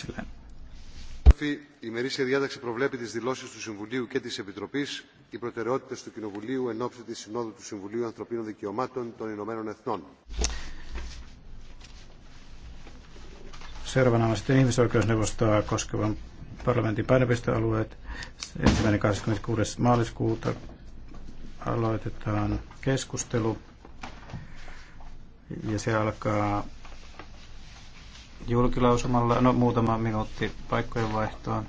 itselleen. Η ημερήσια διάταξη προβλέπει τι δηλώσει του Συμβουλίου και της Επιτροπής, οι προτεραιότητε του Κοινοβουλίου εν ώψη τη Συνόδου του Συμβουλίου Ανθρωπίνων Δικαιωμάτων των Ηνωμένων Εθνών. Seuraavana on sitten ihmisoikeusneuvostoa koskevan parlamentin painopistealueet. Ensimmäinen 26. maaliskuuta aloitetaan keskustelu ja se alkaa julkilausumalla, no muutama minuutti paikkojen vaihtoon.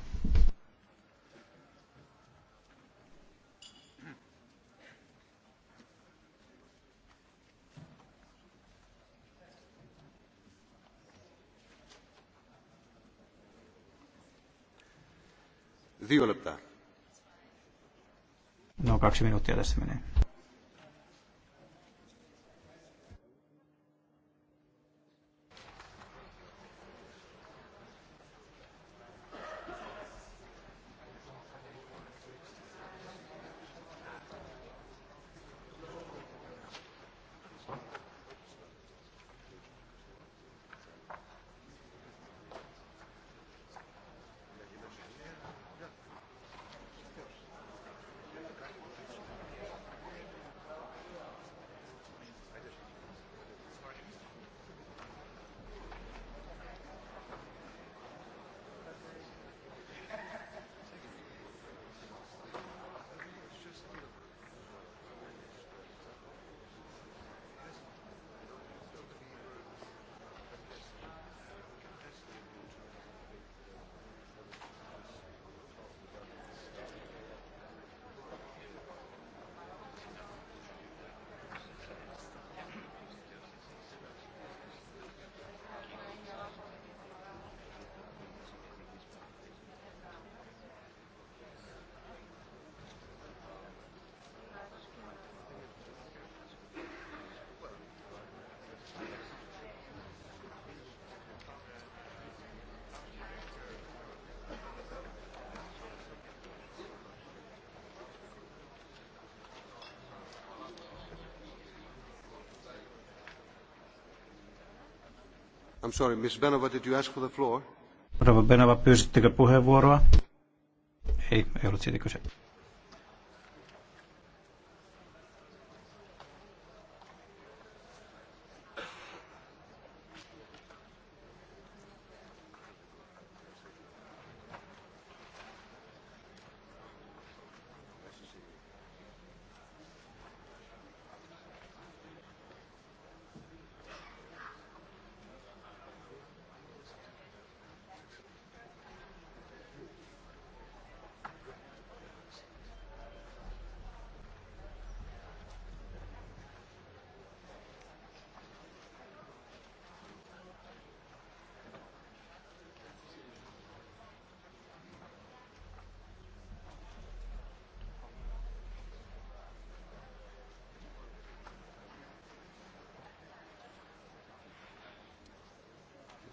No, kaksi minuuttia tässä menee. I'm sorry, Ms. Benova, did you ask for the floor? Benova, pyysittekö puheenvuoroa? Ei, ei ollut siitä kyse.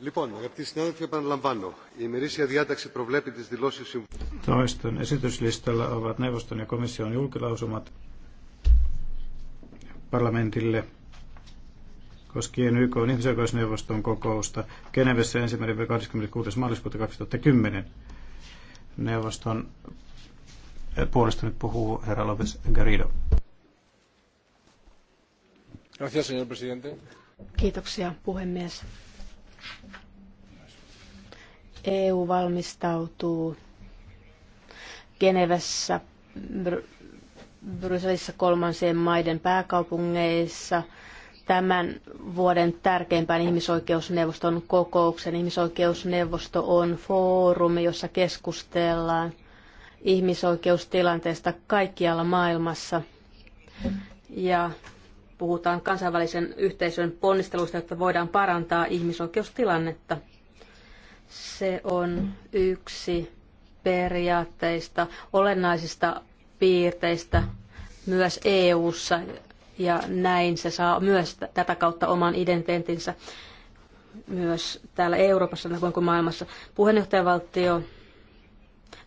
Λοιπόν, Toiston esityslistalla ovat neuvoston ja komission julkilausumat parlamentille koskien YK ihmisoikeusneuvoston kokousta Genevessä 1.–26. maaliskuuta 2010. Neuvoston puolesta nyt puhuu herra López Garrido. Gracias, señor presidente. Kiitoksia, puhemies. EU valmistautuu Genevessä, Br- Brysselissä kolmansien maiden pääkaupungeissa tämän vuoden tärkeimpään ihmisoikeusneuvoston kokouksen. Ihmisoikeusneuvosto on foorumi, jossa keskustellaan ihmisoikeustilanteesta kaikkialla maailmassa. Ja puhutaan kansainvälisen yhteisön ponnisteluista, jotta voidaan parantaa ihmisoikeustilannetta. Se on yksi periaatteista, olennaisista piirteistä myös EU:ssa ja näin se saa myös tätä kautta oman identiteetinsä myös täällä Euroopassa kuin maailmassa. Puheenjohtajavaltio,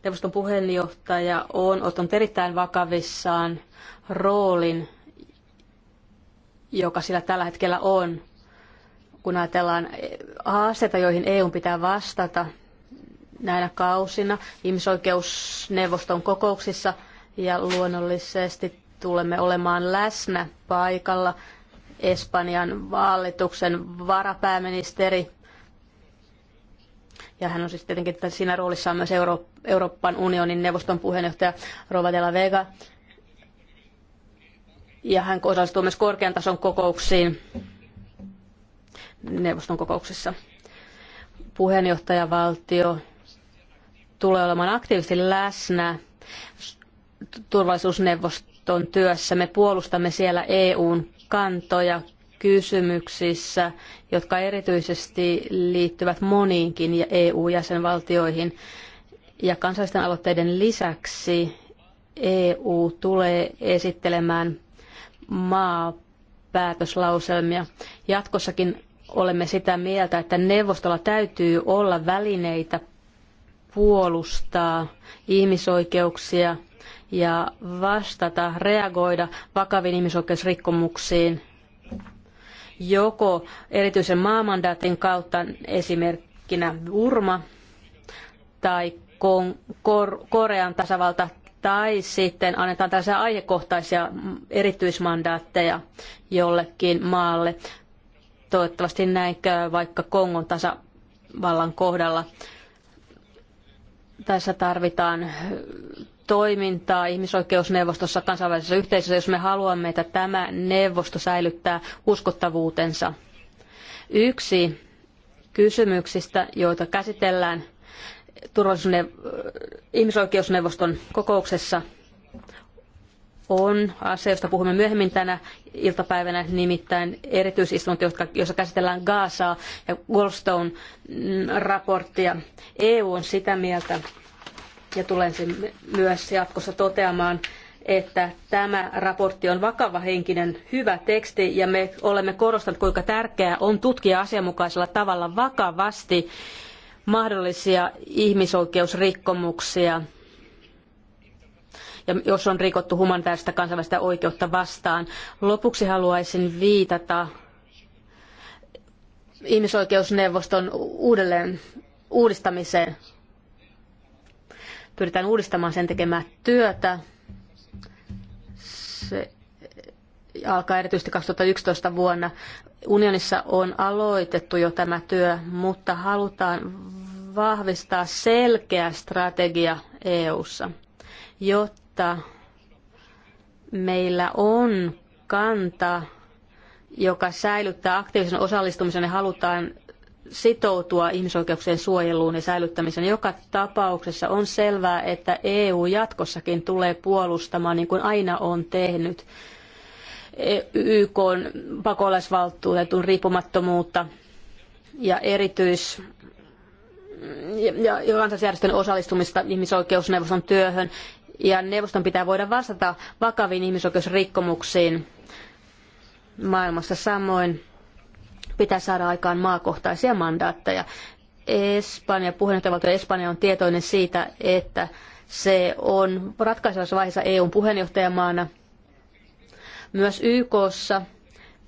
neuvoston puheenjohtaja on ottanut erittäin vakavissaan roolin joka sillä tällä hetkellä on. Kun ajatellaan eh, haasteita, joihin EU pitää vastata näinä kausina ihmisoikeusneuvoston kokouksissa ja luonnollisesti tulemme olemaan läsnä paikalla. Espanjan vaalituksen varapääministeri ja hän on siis tietenkin siinä roolissa myös Euro- Euroopan unionin neuvoston puheenjohtaja Rova de la Vega ja hän osallistuu myös korkean tason kokouksiin neuvoston kokouksissa. Puheenjohtajavaltio tulee olemaan aktiivisesti läsnä turvallisuusneuvoston työssä. Me puolustamme siellä EUn kantoja kysymyksissä, jotka erityisesti liittyvät moniinkin EU-jäsenvaltioihin. Ja kansallisten aloitteiden lisäksi EU tulee esittelemään maapäätöslauselmia. Jatkossakin olemme sitä mieltä, että neuvostolla täytyy olla välineitä puolustaa ihmisoikeuksia ja vastata, reagoida vakaviin ihmisoikeusrikkomuksiin joko erityisen maamandaatin kautta esimerkkinä Burma tai Korean tasavalta tai sitten annetaan tällaisia aihekohtaisia erityismandaatteja jollekin maalle. Toivottavasti näin käy vaikka Kongon tasavallan kohdalla. Tässä tarvitaan toimintaa ihmisoikeusneuvostossa kansainvälisessä yhteisössä, jos me haluamme, että tämä neuvosto säilyttää uskottavuutensa. Yksi kysymyksistä, joita käsitellään turvallisuuden äh, ihmisoikeusneuvoston kokouksessa on asia, josta puhumme myöhemmin tänä iltapäivänä, nimittäin erityisistunto, jossa käsitellään Gaasaa ja Goldstone-raporttia. EU on sitä mieltä, ja tulen sen myös jatkossa toteamaan, että tämä raportti on vakava henkinen hyvä teksti ja me olemme korostaneet, kuinka tärkeää on tutkia asianmukaisella tavalla vakavasti mahdollisia ihmisoikeusrikkomuksia ja jos on rikottu humanitaarista kansainvälistä oikeutta vastaan. Lopuksi haluaisin viitata ihmisoikeusneuvoston uudelleen uudistamiseen. Pyritään uudistamaan sen tekemää työtä. Se alkaa erityisesti 2011 vuonna. Unionissa on aloitettu jo tämä työ, mutta halutaan vahvistaa selkeä strategia EU:ssa, jotta meillä on kanta, joka säilyttää aktiivisen osallistumisen ja halutaan sitoutua ihmisoikeuksien suojeluun ja säilyttämiseen. Joka tapauksessa on selvää, että EU jatkossakin tulee puolustamaan, niin kuin aina on tehnyt, YK pakolaisvaltuutetun riippumattomuutta ja erityis ja, ja kansallisjärjestön osallistumista ihmisoikeusneuvoston työhön. Ja neuvoston pitää voida vastata vakaviin ihmisoikeusrikkomuksiin maailmassa samoin. Pitää saada aikaan maakohtaisia mandaatteja. Espanja, puheenjohtajavaltio Espanja on tietoinen siitä, että se on ratkaisevassa vaiheessa EUn puheenjohtajamaana – myös YKssa,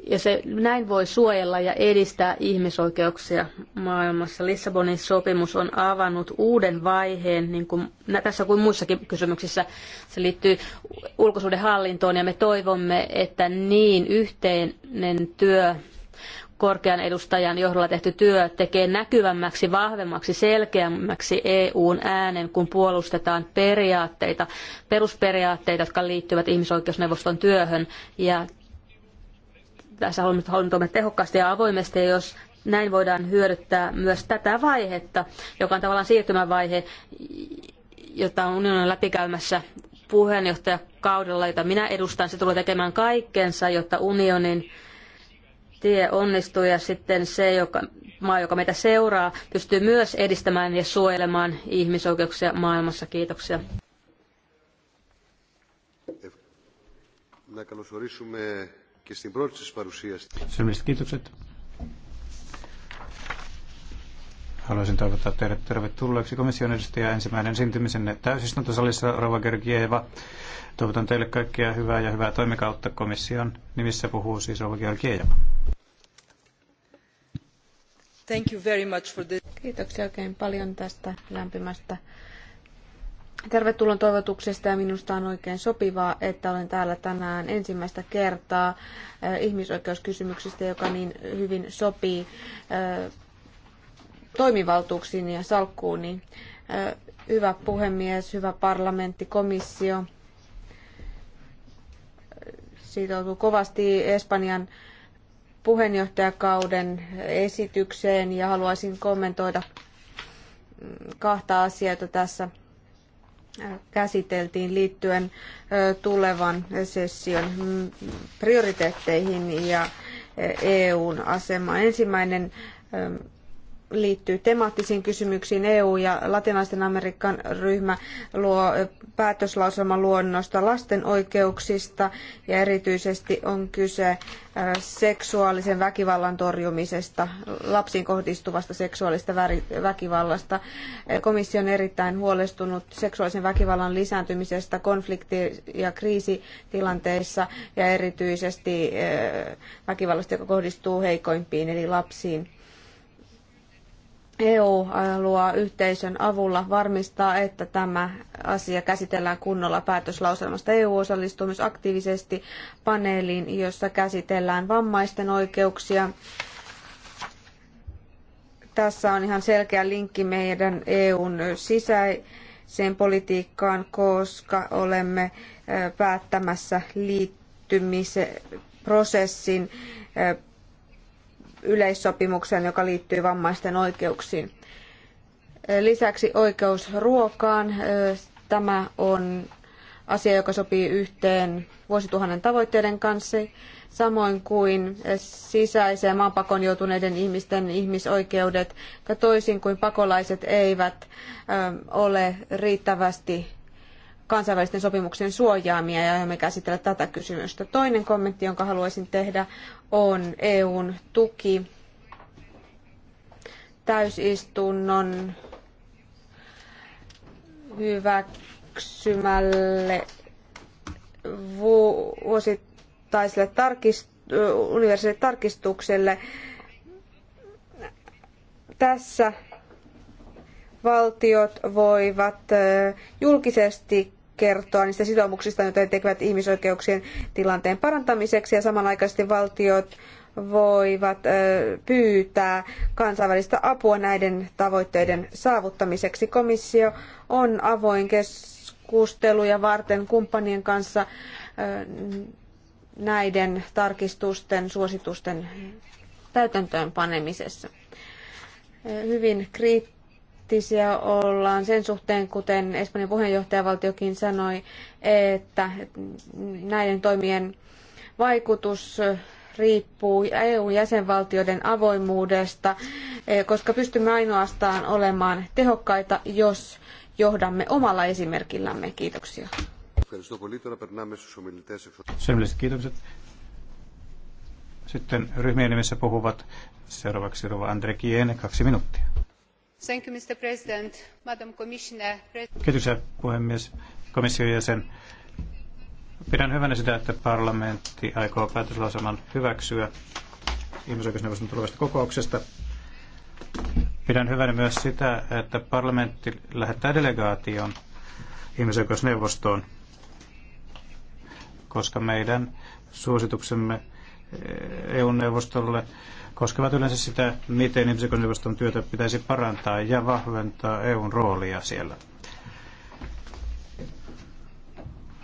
ja se näin voi suojella ja edistää ihmisoikeuksia maailmassa. Lissabonin sopimus on avannut uuden vaiheen, niin kuin, tässä kuin muissakin kysymyksissä. Se liittyy ulkosuhdehallintoon ja me toivomme, että niin yhteinen työ korkean edustajan johdolla tehty työ tekee näkyvämmäksi, vahvemmaksi, selkeämmäksi EUn äänen, kun puolustetaan periaatteita, perusperiaatteita, jotka liittyvät ihmisoikeusneuvoston työhön. Ja tässä haluamme, haluamme toimia tehokkaasti ja avoimesti, ja jos näin voidaan hyödyttää myös tätä vaihetta, joka on tavallaan siirtymävaihe, jota on unionin läpikäymässä puheenjohtajakaudella, jota minä edustan. Se tulee tekemään kaikkensa, jotta unionin tie onnistuu ja sitten se joka, maa, joka meitä seuraa, pystyy myös edistämään ja suojelemaan ihmisoikeuksia maailmassa. Kiitoksia. Να Kiitokset. Haluaisin toivottaa teidät tervetulleeksi komission edustaja ensimmäinen syntymisenne täysistuntosalissa Rova Georgieva. Toivotan teille kaikkia hyvää ja hyvää toimikautta komission nimissä puhuu siis Rova Georgieva. Kiitoksia oikein paljon tästä lämpimästä tervetulon toivotuksesta ja minusta on oikein sopivaa, että olen täällä tänään ensimmäistä kertaa eh, ihmisoikeuskysymyksistä, joka niin hyvin sopii eh, toimivaltuuksiin ja salkkuuni. Niin, eh, hyvä puhemies, hyvä parlamentti, komissio. Sitoutuu kovasti Espanjan puheenjohtajakauden esitykseen ja haluaisin kommentoida kahta asiaa, joita tässä käsiteltiin liittyen tulevan session prioriteetteihin ja EUn asemaan. Ensimmäinen liittyy temaattisiin kysymyksiin. EU ja latinalaisten Amerikan ryhmä luo päätöslauselman luonnosta lasten oikeuksista ja erityisesti on kyse seksuaalisen väkivallan torjumisesta, lapsiin kohdistuvasta seksuaalista väkivallasta. E, Komissio on erittäin huolestunut seksuaalisen väkivallan lisääntymisestä konflikti- ja kriisitilanteissa ja erityisesti väkivallasta, joka kohdistuu heikoimpiin eli lapsiin. EU haluaa äh, yhteisön avulla varmistaa, että tämä asia käsitellään kunnolla päätöslauselmasta. EU osallistuu myös aktiivisesti paneeliin, jossa käsitellään vammaisten oikeuksia. Tässä on ihan selkeä linkki meidän EUn sisäiseen politiikkaan, koska olemme äh, päättämässä liittymisprosessin äh, yleissopimukseen, joka liittyy vammaisten oikeuksiin. Lisäksi oikeus ruokaan. Tämä on asia, joka sopii yhteen vuosituhannen tavoitteiden kanssa, samoin kuin sisäiseen maanpakon joutuneiden ihmisten ihmisoikeudet, ja toisin kuin pakolaiset eivät ole riittävästi kansainvälisten sopimuksien suojaamia ja aiomme käsitellä tätä kysymystä. Toinen kommentti, jonka haluaisin tehdä, on EUn tuki täysistunnon hyväksymälle vuosittaiselle tarkist- tarkistukselle. Tässä valtiot voivat julkisesti kertoa niistä sitoumuksista, joita he tekevät ihmisoikeuksien tilanteen parantamiseksi ja samanaikaisesti valtiot voivat pyytää kansainvälistä apua näiden tavoitteiden saavuttamiseksi. Komissio on avoin keskusteluja varten kumppanien kanssa näiden tarkistusten, suositusten täytäntöönpanemisessa. Hyvin kriittinen kriittisiä ollaan sen suhteen, kuten Espanjan puheenjohtajavaltiokin sanoi, että näiden toimien vaikutus riippuu EU-jäsenvaltioiden avoimuudesta, eh, koska pystymme ainoastaan olemaan tehokkaita, jos johdamme omalla esimerkillämme. Kiitoksia. Sellaiset kiitokset. Sitten ryhmien nimessä puhuvat seuraavaksi Rova Andre Kiene, kaksi minuuttia. Thank you, Mr. President. Madam Commissioner. puhemies, komission jäsen. Pidän hyvänä sitä, että parlamentti aikoo päätöslauselman hyväksyä ihmisoikeusneuvoston tulevasta kokouksesta. Pidän hyvänä myös sitä, että parlamentti lähettää delegaation ihmisoikeusneuvostoon, koska meidän suosituksemme EU-neuvostolle eh, e koskevat yleensä sitä, miten ihmisoikeusneuvoston työtä pitäisi parantaa ja vahventaa EUn roolia siellä.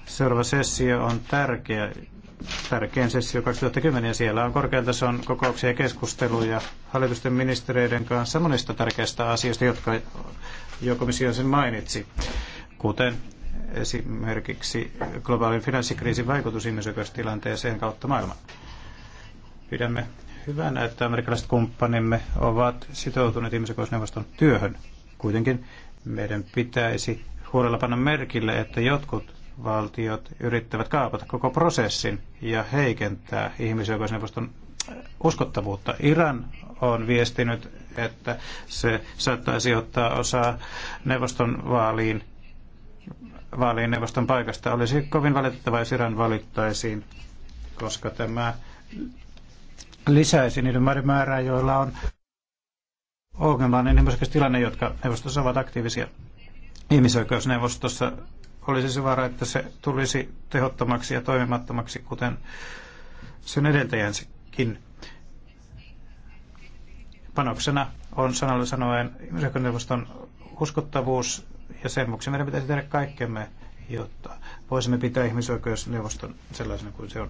Seuraava sessio on tärkeä, tärkein sessio 2010 ja siellä on korkean tason kokouksia ja keskusteluja hallitusten ministereiden kanssa monista tärkeistä asioista, jotka jo komissio sen mainitsi, kuten esimerkiksi globaalin finanssikriisin vaikutus ihmisoikeustilanteeseen kautta maailman. Pidämme hyvänä, että amerikkalaiset kumppanimme ovat sitoutuneet ihmisoikeusneuvoston työhön. Kuitenkin meidän pitäisi huolella panna merkille, että jotkut valtiot yrittävät kaapata koko prosessin ja heikentää ihmisoikeusneuvoston äh, uskottavuutta. Iran on viestinyt, että se saattaisi ottaa osaa neuvoston vaaliin, vaaliin neuvoston paikasta. Olisi kovin valitettava, jos Iran valittaisiin, koska tämä lisäisi niiden maiden määrää, joilla on ongelmallinen tilanne, jotka neuvostossa ovat aktiivisia. Ihmisoikeusneuvostossa olisi se vaara, että se tulisi tehottomaksi ja toimimattomaksi, kuten sen edeltäjänsäkin. Panoksena on sanalla sanoen ihmisoikeusneuvoston uskottavuus, ja sen vuoksi meidän pitäisi tehdä kaikkemme, jotta voisimme pitää ihmisoikeusneuvoston sellaisena kuin se on.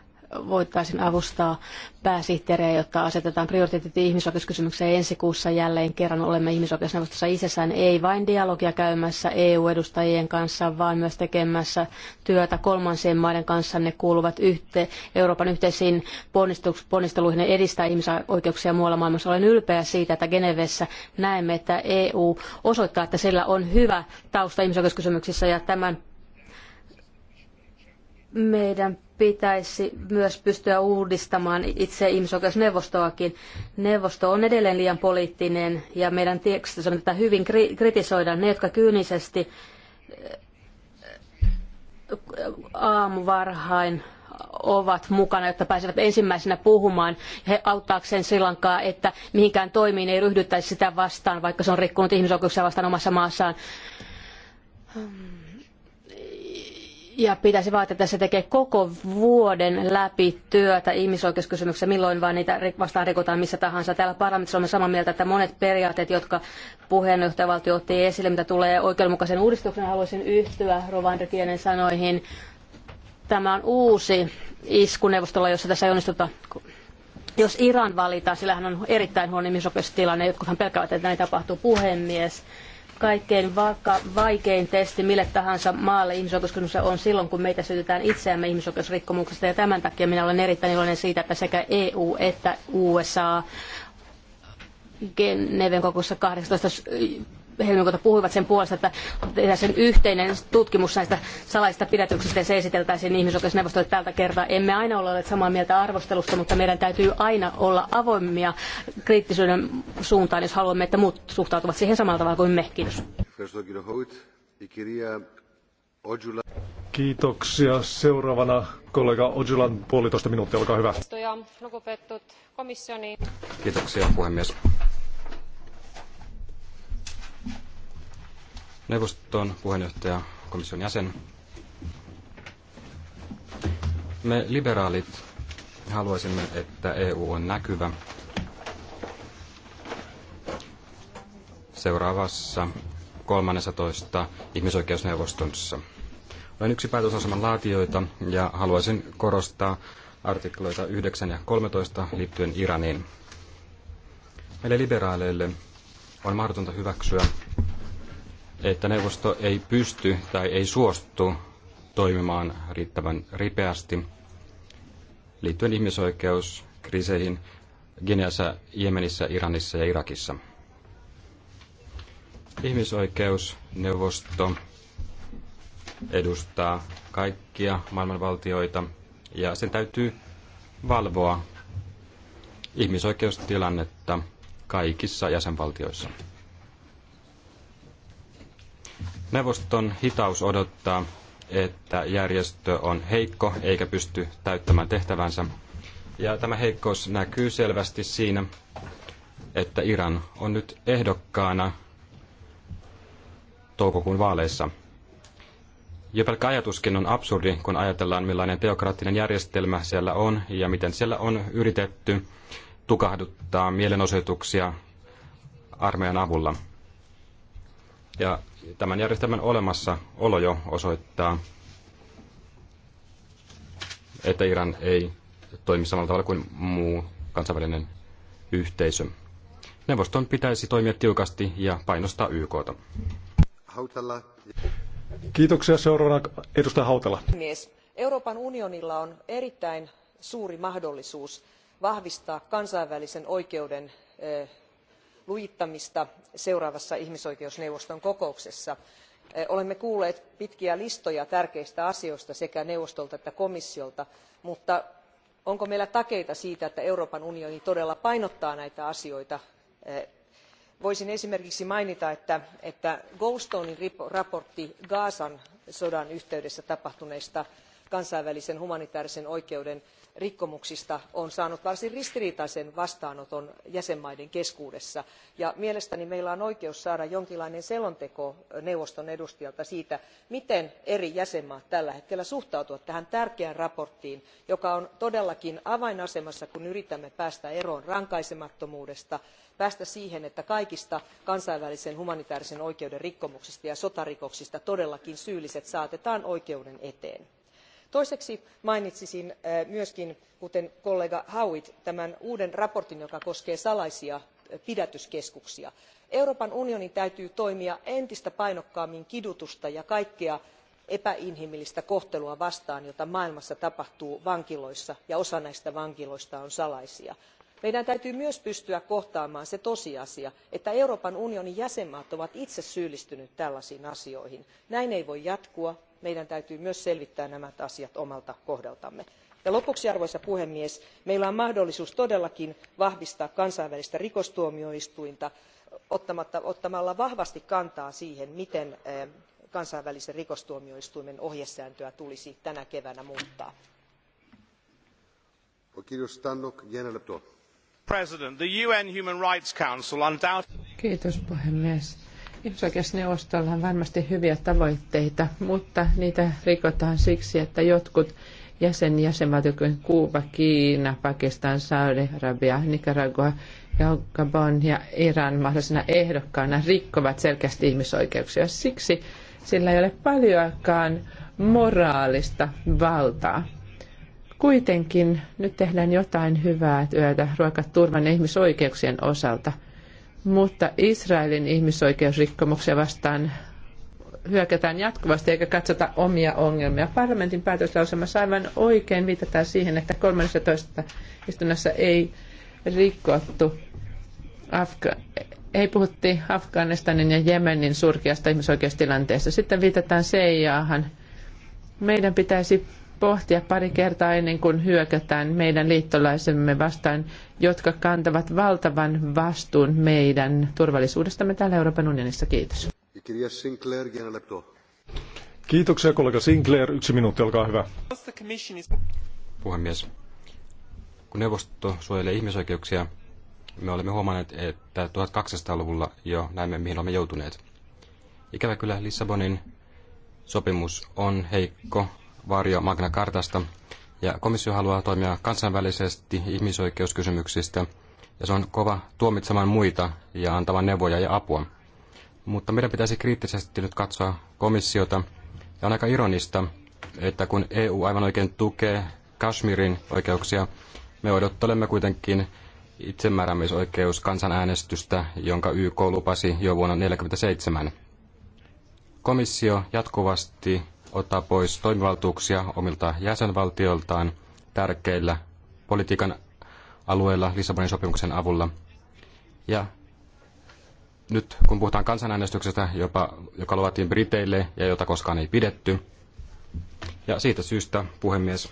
voitaisiin avustaa pääsihteeriä, jotta asetetaan prioriteetit ihmisoikeuskysymykseen ensi kuussa jälleen kerran. Olemme ihmisoikeusneuvostossa isessään ei vain dialogia käymässä EU-edustajien kanssa, vaan myös tekemässä työtä kolmansien maiden kanssa. Ne kuuluvat yhte, Euroopan yhteisiin ponnisteluihin edistää ihmisoikeuksia muualla maailmassa. Olen ylpeä siitä, että Genevessä näemme, että EU osoittaa, että sillä on hyvä tausta ihmisoikeuskysymyksissä ja tämän meidän pitäisi myös pystyä uudistamaan itse ihmisoikeusneuvostoakin. Neuvosto on edelleen liian poliittinen ja meidän tekstissämme tätä hyvin kritisoidaan. Ne, jotka kyynisesti äh, aamuvarhain ovat mukana, jotta pääsevät ensimmäisenä puhumaan he auttaakseen Sri Lankaa, että mihinkään toimiin ei ryhdyttäisi sitä vastaan, vaikka se on rikkonut ihmisoikeuksia vastaan omassa maassaan. Hmm ja pitäisi vaatia, että se tekee koko vuoden läpi työtä ihmisoikeuskysymyksissä, milloin vaan niitä vastaan rikotaan missä tahansa. Täällä parlamentissa olemme samaa mieltä, että monet periaatteet, jotka puheenjohtajavaltio otti esille, mitä tulee oikeudenmukaisen uudistuksen, haluaisin yhtyä Rovandrikienen sanoihin. Tämä on uusi isku neuvostolla, jossa tässä ei onnistuta jos Iran valitaan, sillä on erittäin huono ihmisoikeustilanne, jotkuthan pelkäävät, että näin tapahtuu puhemies kaikkein vaikein testi mille tahansa maalle ihmisoikeuskysymys on silloin, kun meitä syytetään itseämme ihmisoikeusrikkomuksesta. Ja tämän takia minä olen erittäin iloinen siitä, että sekä EU että USA Geneven kokoussa 18 helmikuuta puhuivat sen puolesta, että tehdään sen yhteinen tutkimus näistä salaisista pidätyksistä ja se esiteltäisiin ihmisoikeusneuvostolle tältä kertaa. Emme aina ole olleet samaa mieltä arvostelusta, mutta meidän täytyy aina olla avoimia kriittisyyden suuntaan, jos haluamme, että muut suhtautuvat siihen samalla tavalla kuin me. Kiitos. Kiitoksia. Seuraavana kollega Ojulan puolitoista minuuttia, olkaa hyvä. Kiitoksia puhemies. neuvoston puheenjohtaja, komission jäsen. Me liberaalit haluaisimme, että EU on näkyvä seuraavassa 13. ihmisoikeusneuvostossa. Olen yksi päätösaseman laatijoita ja haluaisin korostaa artikloita 9 ja 13 liittyen Iraniin. Meille liberaaleille on mahdotonta hyväksyä, että neuvosto ei pysty tai ei suostu toimimaan riittävän ripeästi liittyen ihmisoikeuskriiseihin Gineassa, Jemenissä, Iranissa ja Irakissa. Ihmisoikeusneuvosto edustaa kaikkia maailman valtioita ja sen täytyy valvoa ihmisoikeustilannetta kaikissa jäsenvaltioissa. Neuvoston hitaus odottaa, että järjestö on heikko eikä pysty täyttämään tehtävänsä. Ja tämä heikkous näkyy selvästi siinä, että Iran on nyt ehdokkaana toukokuun vaaleissa. Jo pelkkä ajatuskin on absurdi, kun ajatellaan millainen teokraattinen järjestelmä siellä on ja miten siellä on yritetty tukahduttaa mielenosoituksia armeijan avulla. Ja tämän järjestelmän olemassaolo jo osoittaa, että Iran ei toimi samalla tavalla kuin muu kansainvälinen yhteisö. Neuvoston pitäisi toimia tiukasti ja painostaa YKta. Hautala. Kiitoksia. Seuraavana edustaja Hautala. Mies. Euroopan unionilla on erittäin suuri mahdollisuus vahvistaa kansainvälisen oikeuden eh, lujittamista seuraavassa ihmisoikeusneuvoston kokouksessa. Eh, olemme kuulleet pitkiä listoja tärkeistä asioista sekä neuvostolta että komissiolta mutta onko meillä takeita siitä että euroopan unioni todella painottaa näitä asioita? Eh, voisin esimerkiksi mainita että goldstonen mietinnössä gazan sodan yhteydessä tapahtuneista kansainvälisen humanitaarisen oikeuden rikkomuksista on saanut varsin ristiriitaisen vastaanoton jäsenvaltioiden keskuudessa ja mielestäni meillä on oikeus saada jonkinlainen selonteko neuvoston edustajalta siitä miten eri jäsenvaltiot tällä hetkellä suhtautuvat tähän tärkeään mietintöön joka on todellakin avainasemassa kun yritämme päästä eroon rankaisemattomuudesta päästä siihen että kaikista kansainvälisen humanitaarisen oikeuden rikkomuksista ja sotarikoksista todellakin syylliset saatetaan oikeuden eteen toiseksi mainitsisin äh, myös kuten kollega howitt tämän uuden raportin joka koskee salaisia äh, pidätyskeskuksia. euroopan unionin täytyy toimia entistä painokkaammin kidutusta ja kaikkea epäinhimillistä kohtelua vastaan jota maailmassa tapahtuu vankiloissa ja osa näistä vankiloista on salaisia meidän täytyy myös pystyä kohtaamaan se tosiasia että euroopan unionin jäsenvaltiot ovat itse syyllistyneet tällaisiin asioihin. näin ei voi jatkua meidän täytyy myös selvittää nämä asiat omalta kohdaltamme. lopuksi arvoisa puhemies, meillä on mahdollisuus todellakin vahvistaa kansainvälistä rikostuomioistuinta ottamalla vahvasti kantaa siihen miten eh, kansainvälisen rikostuomioistuimen ohjesääntöä tulisi tänä keväänä muuttaa. Kiitos puhemies. Ihmisoikeusneuvostolla on varmasti hyviä tavoitteita, mutta niitä rikotaan siksi, että jotkut jäsen, jäsenmaat, kuten Kuuba, Kiina, Pakistan, Saudi-Arabia, Nicaragua, Gabon ja Iran mahdollisena ehdokkaana rikkovat selkeästi ihmisoikeuksia. Siksi sillä ei ole paljoakaan moraalista valtaa. Kuitenkin nyt tehdään jotain hyvää työtä ruokat turvan ihmisoikeuksien osalta, mutta Israelin ihmisoikeusrikkomuksia vastaan hyökätään jatkuvasti eikä katsota omia ongelmia. Parlamentin päätöslauselmassa aivan oikein viitataan siihen, että 13. istunnossa ei rikottu Afga- ei puhutti Afganistanin ja Jemenin surkeasta ihmisoikeustilanteesta. Sitten viitataan CIAhan. Meidän pitäisi pohtia pari kertaa ennen kuin hyökätään meidän liittolaisemme vastaan, jotka kantavat valtavan vastuun meidän turvallisuudestamme täällä Euroopan unionissa. Kiitos. Kiitoksia kollega Sinclair. Yksi minuutti, olkaa hyvä. Puhemies, kun neuvosto suojelee ihmisoikeuksia, me olemme huomanneet, että 1200-luvulla jo näemme, mihin olemme joutuneet. Ikävä kyllä Lissabonin sopimus on heikko varjo Magna Cartasta, ja komissio haluaa toimia kansainvälisesti ihmisoikeuskysymyksistä, ja se on kova tuomitsemaan muita ja antamaan neuvoja ja apua. Mutta meidän pitäisi kriittisesti nyt katsoa komissiota, ja on aika ironista, että kun EU aivan oikein tukee Kashmirin oikeuksia, me odottelemme kuitenkin itsemääräämisoikeus kansanäänestystä, jonka YK lupasi jo vuonna 1947. Komissio jatkuvasti ottaa pois toimivaltuuksia omilta jäsenvaltioiltaan tärkeillä politiikan alueilla Lissabonin sopimuksen avulla. Ja nyt kun puhutaan kansanäänestyksestä, jopa, joka luvattiin Briteille ja jota koskaan ei pidetty. Ja siitä syystä, puhemies,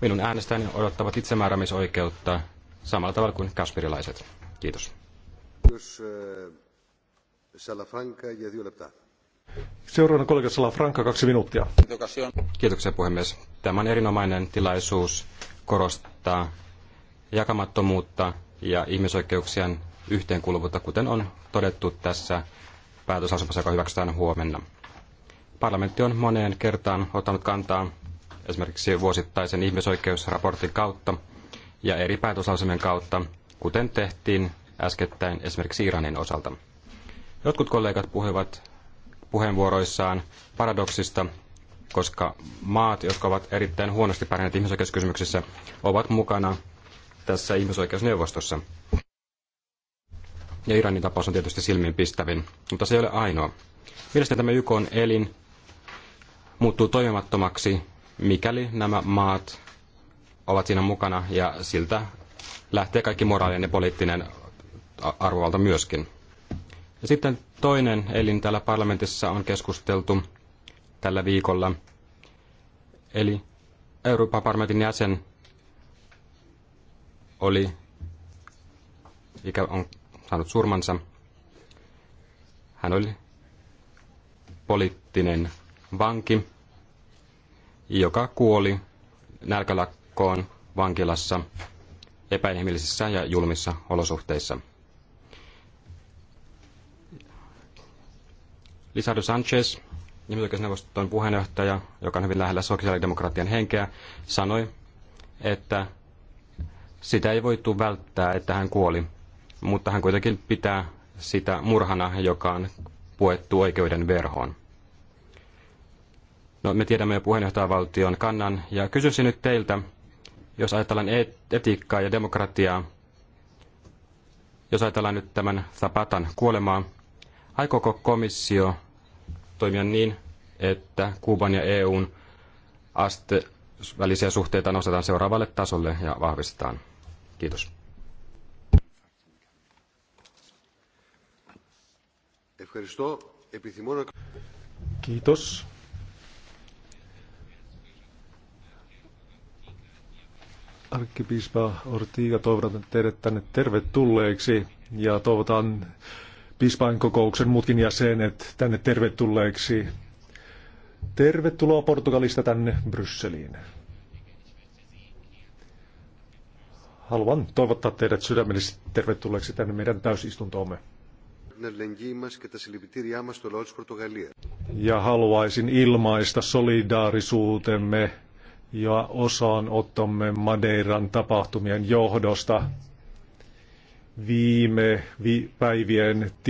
minun äänestäjäni odottavat itsemääräämisoikeutta samalla tavalla kuin kasvirilaiset. Kiitos. Salafranca ja Seuraavana kollega Salafranca, kaksi minuuttia. Kiitoksia puhemies. Tämä on erinomainen tilaisuus korostaa jakamattomuutta ja ihmisoikeuksien yhteenkuuluvuutta, kuten on todettu tässä päätösasemassa joka hyväksytään huomenna. Parlamentti on moneen kertaan ottanut kantaa esimerkiksi vuosittaisen ihmisoikeusraportin kautta ja eri päätösasemien kautta, kuten tehtiin äskettäin esimerkiksi Iranin osalta. Jotkut kollegat puhuivat puheenvuoroissaan paradoksista, koska maat, jotka ovat erittäin huonosti pärjänneet ihmisoikeuskysymyksissä, ovat mukana tässä ihmisoikeusneuvostossa. Ja Iranin tapaus on tietysti silmiinpistävin, mutta se ei ole ainoa. Mielestäni tämä YK on elin muuttuu toimimattomaksi, mikäli nämä maat ovat siinä mukana ja siltä lähtee kaikki moraalinen ja poliittinen arvovalta myöskin. Ja sitten toinen elin täällä parlamentissa on keskusteltu tällä viikolla, eli Euroopan parlamentin jäsen oli, ikä on saanut surmansa. Hän oli poliittinen vanki, joka kuoli nälkälakkoon vankilassa epäinhimillisissä ja julmissa olosuhteissa. Lisardo Sanchez, ihmisoikeusneuvoston puheenjohtaja, joka on hyvin lähellä sosiaalidemokraattien henkeä, sanoi, että sitä ei voitu välttää, että hän kuoli, mutta hän kuitenkin pitää sitä murhana, joka on puettu oikeuden verhoon. No, me tiedämme jo puheenjohtajavaltion kannan, ja kysyisin nyt teiltä, jos ajatellaan etiikkaa ja demokratiaa, jos ajatellaan nyt tämän Zapatan kuolemaa, Aikooko komissio toimia niin, että Kuuban ja EUn aste välisiä suhteita nostetaan seuraavalle tasolle ja vahvistetaan? Kiitos. Kiitos. Arkkipiispa Ortiga, toivotan teidät tänne tervetulleeksi ja toivotan piispain kokouksen muutkin jäsenet tänne tervetulleeksi. Tervetuloa Portugalista tänne Brysseliin. Haluan toivottaa teidät sydämellisesti tervetulleeksi tänne meidän täysistuntoomme. Ja haluaisin ilmaista solidaarisuutemme ja osaanottomme Madeiran tapahtumien johdosta viime vi- päivien tilanne.